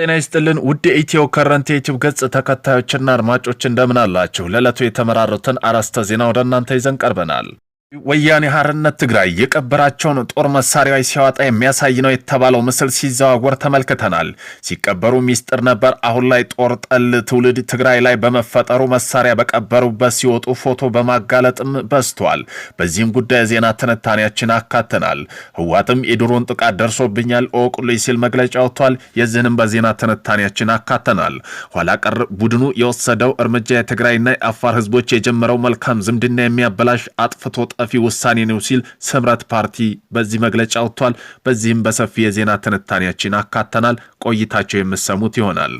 ጤና ይስጥልን ውድ ኢትዮ ከረንት የዩቲዩብ ገጽ ተከታዮችና አድማጮች እንደምን አላችሁ? ለዕለቱ የተመራሩትን አርዕስተ ዜና ወደ እናንተ ይዘን ቀርበናል። ወያኔ ሀርነት ትግራይ የቀበራቸውን ጦር መሳሪያዎች ሲያወጣ የሚያሳይ ነው የተባለው ምስል ሲዘዋወር ተመልክተናል። ሲቀበሩ ሚስጥር ነበር። አሁን ላይ ጦር ጠል ትውልድ ትግራይ ላይ በመፈጠሩ መሳሪያ በቀበሩበት ሲወጡ ፎቶ በማጋለጥም በዝቷል። በዚህም ጉዳይ ዜና ትንታኔያችን አካተናል። ህዋትም የድሮን ጥቃት ደርሶብኛል እወቁልኝ ሲል መግለጫ ወጥቷል። የዚህንም በዜና ትንታኔያችን አካተናል። ኋላ ቀር ቡድኑ የወሰደው እርምጃ የትግራይና የአፋር ህዝቦች የጀመረው መልካም ዝምድና የሚያበላሽ አጥፍቶ ጠፊ ውሳኔ ነው ሲል ስምረት ፓርቲ በዚህ መግለጫ ወጥቷል። በዚህም በሰፊ የዜና ትንታኔያችን አካተናል። ቆይታቸው የምሰሙት ይሆናል።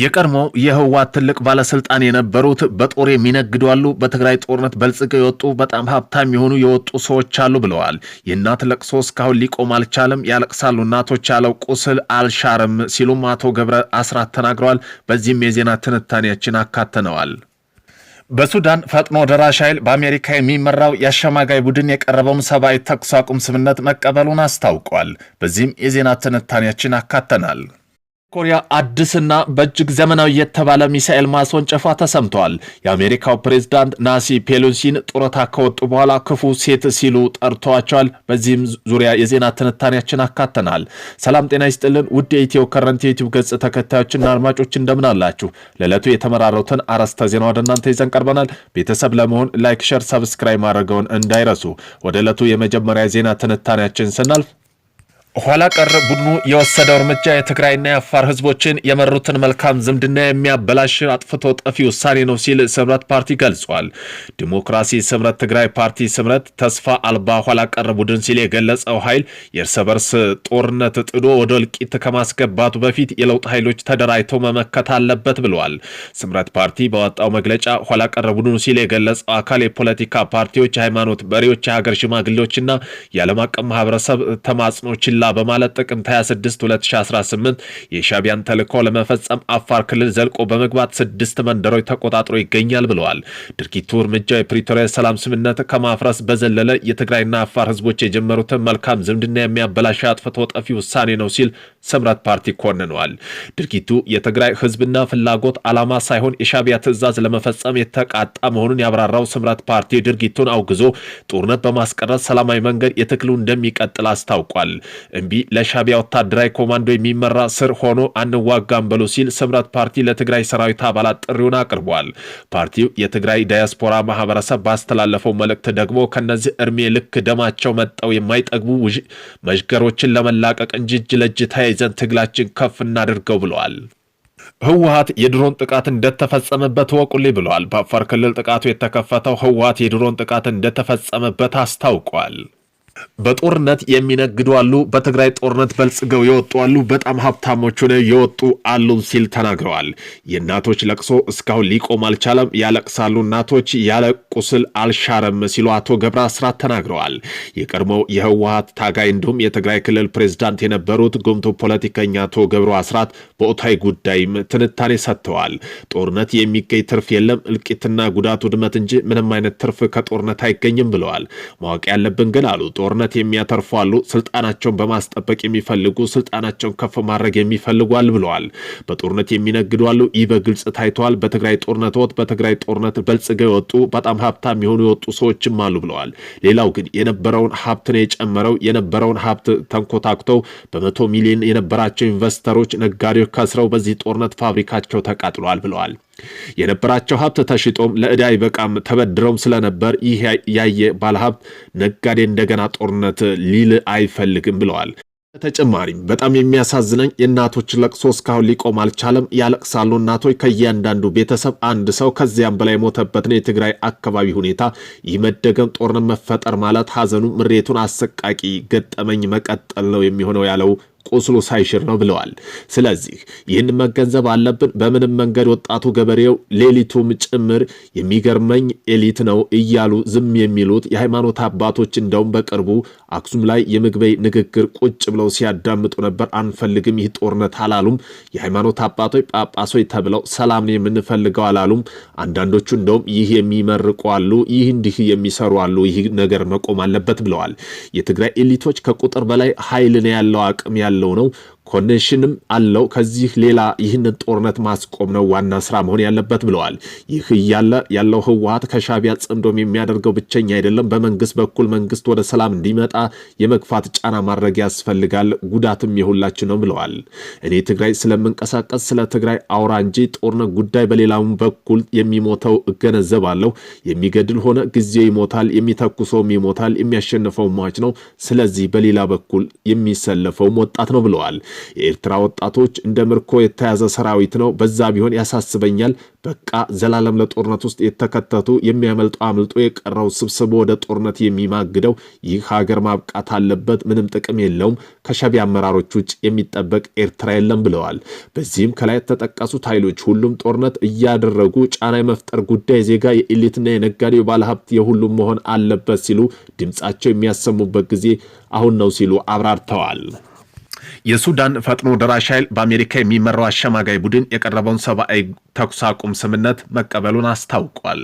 የቀድሞ የህወሓት ትልቅ ባለስልጣን የነበሩት በጦር የሚነግዱ አሉ፣ በትግራይ ጦርነት በልጽገው የወጡ በጣም ሀብታም የሆኑ የወጡ ሰዎች አሉ ብለዋል። የእናት ለቅሶ እስካሁን ሊቆም አልቻለም፣ ያለቅሳሉ እናቶች ያለው ቁስል አልሻርም ሲሉም አቶ ገብረ አስራት ተናግረዋል። በዚህም የዜና ትንታኔያችን አካተነዋል። በሱዳን ፈጥኖ ደራሽ ኃይል በአሜሪካ የሚመራው የአሸማጋይ ቡድን የቀረበውን ሰብአዊ ተኩስ አቁም ስምምነት መቀበሉን አስታውቋል። በዚህም የዜና ትንታኔያችን አካተናል። ኮሪያ አዲስና በእጅግ ዘመናዊ የተባለ ሚሳኤል ማስወንጨፏ ተሰምተዋል። የአሜሪካው ፕሬዝዳንት ናሲ ፔሎሲን ጡረታ ከወጡ በኋላ ክፉ ሴት ሲሉ ጠርተዋቸዋል። በዚህም ዙሪያ የዜና ትንታኔያችን አካተናል። ሰላም ጤና ይስጥልን ውድ የኢትዮ ከረንት የዩቲዩብ ገጽ ተከታዮችና አድማጮች እንደምን አላችሁ? ለዕለቱ የተመራረቱን አርዕስተ ዜና ወደ እናንተ ይዘን ቀርበናል። ቤተሰብ ለመሆን ላይክ፣ ሸር፣ ሰብስክራይብ ማድረገውን እንዳይረሱ። ወደ ዕለቱ የመጀመሪያ ዜና ትንታኔያችን ስናልፍ ኋላ ቀር ቡድኑ የወሰደው እርምጃ የትግራይና የአፋር ህዝቦችን የመሩትን መልካም ዝምድና የሚያበላሽ አጥፍቶ ጠፊ ውሳኔ ነው ሲል ስምረት ፓርቲ ገልጿል። ዲሞክራሲ ስምረት ትግራይ ፓርቲ ስምረት ተስፋ አልባ ኋላ ቀር ቡድን ሲል የገለጸው ኃይል የእርስ በርስ ጦርነት ጥዶ ወደ እልቂት ከማስገባቱ በፊት የለውጥ ኃይሎች ተደራጅተው መመከት አለበት ብለዋል። ስምረት ፓርቲ በወጣው መግለጫ ኋላ ቀር ቡድኑ ሲል የገለጸው አካል የፖለቲካ ፓርቲዎች፣ የሃይማኖት መሪዎች፣ የሀገር ሽማግሌዎችና የዓለም አቀፍ ማህበረሰብ ተማጽኖችን በማለት ጥቅምት 26 2018 የሻቢያን ተልዕኮ ለመፈጸም አፋር ክልል ዘልቆ በመግባት ስድስት መንደሮች ተቆጣጥሮ ይገኛል ብለዋል። ድርጊቱ እርምጃው የፕሪቶሪያ ሰላም ስምምነት ከማፍረስ በዘለለ የትግራይና አፋር ህዝቦች የጀመሩትን መልካም ዝምድና የሚያበላሽ አጥፍቶ ጠፊ ውሳኔ ነው ሲል ስምረት ፓርቲ ኮንኗል። ድርጊቱ የትግራይ ህዝብና ፍላጎት ዓላማ ሳይሆን የሻቢያ ትዕዛዝ ለመፈጸም የተቃጣ መሆኑን ያብራራው ስምረት ፓርቲ ድርጊቱን አውግዞ ጦርነት በማስቀረት ሰላማዊ መንገድ የትግሉ እንደሚቀጥል አስታውቋል። እምቢ ለሻቢያ ወታደራዊ ኮማንዶ የሚመራ ስር ሆኖ አንዋጋም ብሎ ሲል ስምረት ፓርቲ ለትግራይ ሰራዊት አባላት ጥሪውን አቅርቧል። ፓርቲው የትግራይ ዳያስፖራ ማህበረሰብ ባስተላለፈው መልእክት ደግሞ ከነዚህ እድሜ ልክ ደማቸው መጠው የማይጠግቡ መዥገሮችን ለመላቀቅ እንጂ እጅ ለእጅ ተያይዘ ይዘን ትግላችን ከፍ እናድርገው ብለዋል። ህወሀት የድሮን ጥቃት እንደተፈጸመበት ወቁልኝ ብለዋል። በአፋር ክልል ጥቃቱ የተከፈተው ህወሀት የድሮን ጥቃት እንደተፈጸመበት አስታውቋል። በጦርነት የሚነግዱ አሉ። በትግራይ ጦርነት በልጽገው የወጡ አሉ። በጣም ሀብታሞች ሆነ የወጡ አሉ ሲል ተናግረዋል። የእናቶች ለቅሶ እስካሁን ሊቆም አልቻለም። ያለቅሳሉ እናቶች፣ ያለ ቁስል አልሻረም ሲሉ አቶ ገብረ አስራት ተናግረዋል። የቀድሞው የህወሀት ታጋይ እንዲሁም የትግራይ ክልል ፕሬዝዳንት የነበሩት ጉምቱ ፖለቲከኛ አቶ ገብረ አስራት በወቅታዊ ጉዳይም ትንታኔ ሰጥተዋል። ጦርነት የሚገኝ ትርፍ የለም፣ እልቂትና ጉዳት ውድመት እንጂ ምንም አይነት ትርፍ ከጦርነት አይገኝም ብለዋል። ማወቅ ያለብን ግን አሉ ጦርነት የሚያተርፉ አሉ፣ ስልጣናቸውን በማስጠበቅ የሚፈልጉ ስልጣናቸውን ከፍ ማድረግ የሚፈልጓል ብለዋል። በጦርነት የሚነግዱ አሉ። ይህ በግልጽ ታይተዋል። በትግራይ ጦርነት ወት በትግራይ ጦርነት በልጽገው የወጡ በጣም ሀብታም የሆኑ የወጡ ሰዎችም አሉ ብለዋል። ሌላው ግን የነበረውን ሀብት ነው የጨመረው። የነበረውን ሀብት ተንኮታኩተው በመቶ ሚሊዮን የነበራቸው ኢንቨስተሮች፣ ነጋዴዎች ከስረው በዚህ ጦርነት ፋብሪካቸው ተቃጥሏል ብለዋል። የነበራቸው ሀብት ተሽጦም ለዕዳ ይበቃም ተበድረውም ስለነበር ይህ ያየ ባለሀብት ነጋዴ እንደገና ጦርነት ሊል አይፈልግም ብለዋል። በተጨማሪም በጣም የሚያሳዝነኝ የእናቶች ለቅሶ እስካሁን ሊቆም አልቻለም። ያለቅሳሉ እናቶች፣ ከእያንዳንዱ ቤተሰብ አንድ ሰው ከዚያም በላይ የሞተበትን የትግራይ አካባቢ ሁኔታ ይህ መደገም ጦርነት መፈጠር ማለት ሀዘኑ፣ ምሬቱን አሰቃቂ ገጠመኝ መቀጠል ነው የሚሆነው ያለው ቁስሉ ሳይሽር ነው ብለዋል። ስለዚህ ይህን መገንዘብ አለብን። በምንም መንገድ ወጣቱ ገበሬው ሌሊቱም ጭምር የሚገርመኝ ኤሊት ነው እያሉ ዝም የሚሉት የሃይማኖት አባቶች እንደውም በቅርቡ አክሱም ላይ የምግበይ ንግግር ቁጭ ብለው ሲያዳምጡ ነበር። አንፈልግም ይህ ጦርነት አላሉም። የሃይማኖት አባቶች ጳጳሶች ተብለው ሰላም ነው የምንፈልገው አላሉም። አንዳንዶቹ እንደውም ይህ የሚመርቁ አሉ፣ ይህ እንዲህ የሚሰሩ አሉ። ይህ ነገር መቆም አለበት ብለዋል። የትግራይ ኤሊቶች ከቁጥር በላይ ኃይል ነው ያለው አቅም ያለ ያለው ነው። ኮንደንሽንም አለው። ከዚህ ሌላ ይህንን ጦርነት ማስቆም ነው ዋና ስራ መሆን ያለበት ብለዋል። ይህ እያለ ያለው ህወሀት ከሻቢያ ጽምዶም የሚያደርገው ብቸኛ አይደለም። በመንግስት በኩል መንግስት ወደ ሰላም እንዲመጣ የመግፋት ጫና ማድረግ ያስፈልጋል። ጉዳትም የሁላችን ነው ብለዋል። እኔ ትግራይ ስለምንቀሳቀስ ስለ ትግራይ አውራ እንጂ ጦርነት ጉዳይ በሌላም በኩል የሚሞተው እገነዘባለሁ። የሚገድል ሆነ ጊዜ ይሞታል፣ የሚተኩሰውም ይሞታል፣ የሚያሸንፈው ሟች ነው። ስለዚህ በሌላ በኩል የሚሰለፈውም ወጣት ነው ብለዋል። የኤርትራ ወጣቶች እንደ ምርኮ የተያዘ ሰራዊት ነው። በዛ ቢሆን ያሳስበኛል። በቃ ዘላለም ለጦርነት ውስጥ የተከተቱ የሚያመልጡ አምልጦ የቀረው ስብስቦ ወደ ጦርነት የሚማግደው ይህ ሀገር ማብቃት አለበት። ምንም ጥቅም የለውም። ከሻዕቢያ አመራሮች ውጭ የሚጠበቅ ኤርትራ የለም ብለዋል። በዚህም ከላይ የተጠቀሱት ኃይሎች ሁሉም ጦርነት እያደረጉ ጫና የመፍጠር ጉዳይ ዜጋ፣ የኤሊትና የነጋዴው ባለሀብት የሁሉም መሆን አለበት ሲሉ ድምፃቸው የሚያሰሙበት ጊዜ አሁን ነው ሲሉ አብራርተዋል። የሱዳን ፈጥኖ ደራሽ ኃይል በአሜሪካ የሚመራው አሸማጋይ ቡድን የቀረበውን ሰብአዊ ተኩስ አቁም ስምነት መቀበሉን አስታውቋል።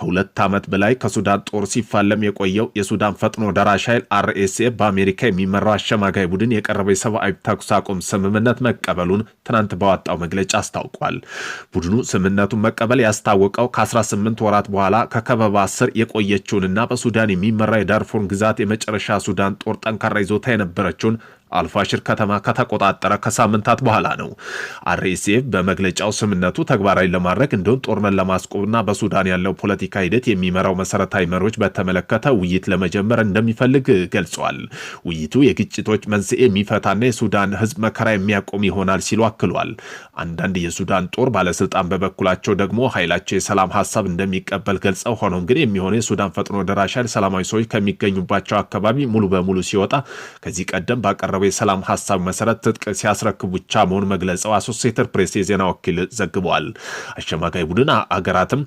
ከሁለት ዓመት በላይ ከሱዳን ጦር ሲፋለም የቆየው የሱዳን ፈጥኖ ደራሽ ኃይል አርኤስኤፍ በአሜሪካ የሚመራው አሸማጋይ ቡድን የቀረበው የሰብአዊ ተኩስ አቁም ስምምነት መቀበሉን ትናንት ባወጣው መግለጫ አስታውቋል። ቡድኑ ስምነቱን መቀበል ያስታወቀው ከ18 ወራት በኋላ ከከበባ ስር የቆየችውንና በሱዳን የሚመራ የዳርፎን ግዛት የመጨረሻ ሱዳን ጦር ጠንካራ ይዞታ የነበረችውን አልፋሽር ከተማ ከተቆጣጠረ ከሳምንታት በኋላ ነው። አርኤስኤፍ በመግለጫው ስምነቱ ተግባራዊ ለማድረግ እንዲሁም ጦርነት ለማስቆምና በሱዳን ያለው ፖለቲካ ሂደት የሚመራው መሰረታዊ መሪዎች በተመለከተ ውይይት ለመጀመር እንደሚፈልግ ገልጿል። ውይይቱ የግጭቶች መንስኤ የሚፈታና የሱዳን ህዝብ መከራ የሚያቆም ይሆናል ሲሉ አክሏል። አንዳንድ የሱዳን ጦር ባለስልጣን በበኩላቸው ደግሞ ኃይላቸው የሰላም ሀሳብ እንደሚቀበል ገልጸው ሆኖም ግን የሚሆነው የሱዳን ፈጥኖ ደራሽ ኃይል ሰላማዊ ሰዎች ከሚገኙባቸው አካባቢ ሙሉ በሙሉ ሲወጣ ከዚህ ቀደም ባቀረበ የሰላም ሀሳብ መሰረት ትጥቅ ሲያስረክቡ ብቻ መሆኑን መግለጸው አሶሴትድ ፕሬስ የዜና ወኪል ዘግበዋል። አሸማጋይ ቡድን አገራትም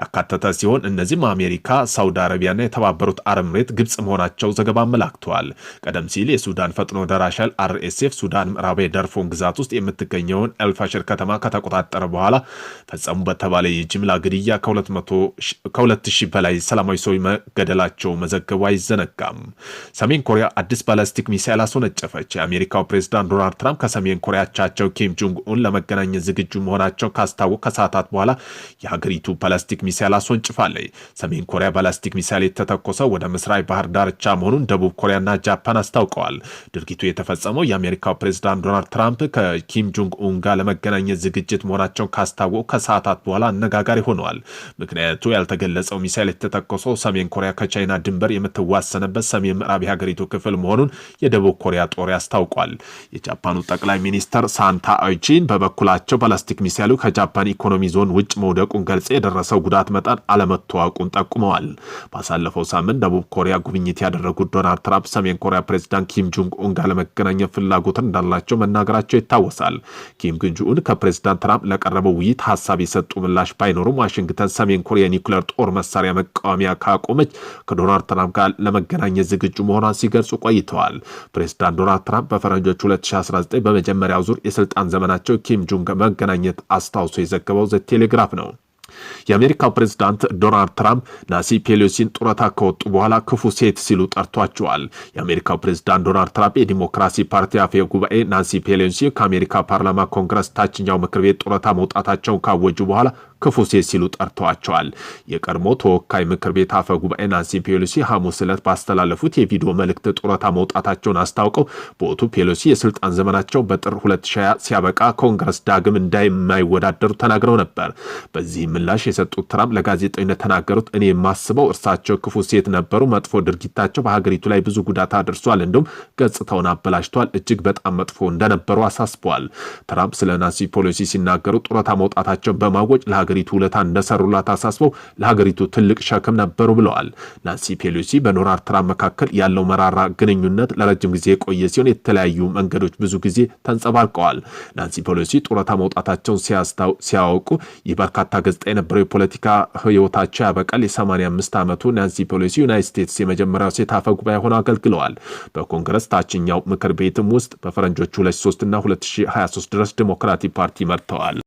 ያካተተ ሲሆን እነዚህም አሜሪካ፣ ሳውዲ አረቢያና የተባበሩት አረብ ኤምሬት፣ ግብፅ መሆናቸው ዘገባ አመላክተዋል። ቀደም ሲል የሱዳን ፈጥኖ ደራሽ ኃይል አርኤስኤፍ ሱዳን ምዕራባዊ ዳርፉር ግዛት ውስጥ የምትገኘውን ኤልፋሽር ከተማ ከተቆጣጠረ በኋላ ፈጸሙ በተባለ የጅምላ ግድያ ከሁለት ሺህ በላይ ሰላማዊ ሰዎች መገደላቸው መዘገቡ አይዘነጋም። ሰሜን ኮሪያ አዲስ ባላስቲክ ሚሳኤል አስወነጨ። ተከሰፈች። የአሜሪካው ፕሬዚዳንት ዶናልድ ትራምፕ ከሰሜን ኮሪያቻቸው ኪም ጆንግ ኡን ለመገናኘት ዝግጁ መሆናቸው ካስታወቅ ከሰዓታት በኋላ የሀገሪቱ ባላስቲክ ሚሳይል አስወንጭፋለች። ሰሜን ኮሪያ ባላስቲክ ሚሳይል የተተኮሰው ወደ ምስራቅ ባህር ዳርቻ መሆኑን ደቡብ ኮሪያና ጃፓን አስታውቀዋል። ድርጊቱ የተፈጸመው የአሜሪካው ፕሬዚዳንት ዶናልድ ትራምፕ ከኪም ጆንግ ኡን ጋር ለመገናኘት ዝግጅት መሆናቸውን ካስታወቁ ከሰዓታት በኋላ አነጋጋሪ ሆነዋል። ምክንያቱ ያልተገለጸው ሚሳይል የተተኮሰው ሰሜን ኮሪያ ከቻይና ድንበር የምትዋሰንበት ሰሜን ምዕራብ የሀገሪቱ ክፍል መሆኑን የደቡብ ኮሪያ ጦር ያስታውቋል። የጃፓኑ ጠቅላይ ሚኒስተር ሳንታ አይቺን በበኩላቸው ባላስቲክ ሚሳይሉ ከጃፓን ኢኮኖሚ ዞን ውጭ መውደቁን ገልጸ የደረሰው ጉዳት መጠን አለመታወቁን ጠቁመዋል። ባሳለፈው ሳምንት ደቡብ ኮሪያ ጉብኝት ያደረጉት ዶናልድ ትራምፕ ሰሜን ኮሪያ ፕሬዚዳንት ኪም ጆንግ ኡን ጋር ለመገናኘት ፍላጎት እንዳላቸው መናገራቸው ይታወሳል። ኪም ጆንግ ኡን ከፕሬዚዳንት ትራምፕ ለቀረበው ውይይት ሀሳብ የሰጡ ምላሽ ባይኖሩም ዋሽንግተን ሰሜን ኮሪያ የኒውክሌር ጦር መሳሪያ መቃወሚያ ካቆመች ከዶናልድ ትራምፕ ጋር ለመገናኘት ዝግጁ መሆኗን ሲገልጹ ቆይተዋል። ፕሬዚዳንት ዶናልድ ትራምፕ በፈረንጆች 2019 በመጀመሪያው ዙር የስልጣን ዘመናቸው ኪም ጁንግ መገናኘት አስታውሶ የዘገበው ዘ ቴሌግራፍ ነው። የአሜሪካው ፕሬዝዳንት ዶናልድ ትራምፕ ናሲ ፔሎሲን ጡረታ ከወጡ በኋላ ክፉ ሴት ሲሉ ጠርቷቸዋል። የአሜሪካው ፕሬዝዳንት ዶናልድ ትራምፕ የዲሞክራሲ ፓርቲ አፈ ጉባኤ ናንሲ ፔሎሲ ከአሜሪካ ፓርላማ ኮንግረስ ታችኛው ምክር ቤት ጡረታ መውጣታቸውን ካወጁ በኋላ ክፉ ሴት ሲሉ ጠርተዋቸዋል። የቀድሞ ተወካይ ምክር ቤት አፈ ጉባኤ ናንሲ ፔሎሲ ሐሙስ ዕለት ባስተላለፉት የቪዲዮ መልእክት ጡረታ መውጣታቸውን አስታውቀው በወቅቱ ፔሎሲ የስልጣን ዘመናቸው በጥር 2020 ሲያበቃ ኮንግረስ ዳግም እንደማይወዳደሩ ተናግረው ነበር። በዚህ ምላሽ የሰጡት ትራምፕ ለጋዜጠኝነት ተናገሩት። እኔ የማስበው እርሳቸው ክፉ ሴት ነበሩ። መጥፎ ድርጊታቸው በሀገሪቱ ላይ ብዙ ጉዳት አድርሷል፣ እንዲሁም ገጽታውን አበላሽቷል። እጅግ በጣም መጥፎ እንደነበሩ አሳስበዋል። ትራምፕ ስለ ናንሲ ፔሎሲ ሲናገሩ ጡረታ መውጣታቸውን በማወጅ ለሀገሪቱ ውለታ እንደሰሩላት አሳስበው ለሀገሪቱ ትልቅ ሸክም ነበሩ ብለዋል። ናንሲ ፔሎሲ በዶናልድ ትራምፕ መካከል ያለው መራራ ግንኙነት ለረጅም ጊዜ የቆየ ሲሆን የተለያዩ መንገዶች ብዙ ጊዜ ተንጸባርቀዋል። ናንሲ ፔሎሲ ጡረታ መውጣታቸውን ሲያውቁ ይህ በርካታ ገጽታ የነበረው የፖለቲካ ህይወታቸው ያበቃል። የ85 ዓመቱ ናንሲ ፔሎሲ ዩናይት ስቴትስ የመጀመሪያው ሴት አፈ ጉባኤ ሆነው አገልግለዋል። በኮንግረስ ታችኛው ምክር ቤትም ውስጥ በፈረንጆቹ 2003 እና 2023 ድረስ ዲሞክራቲክ ፓርቲ መርተዋል።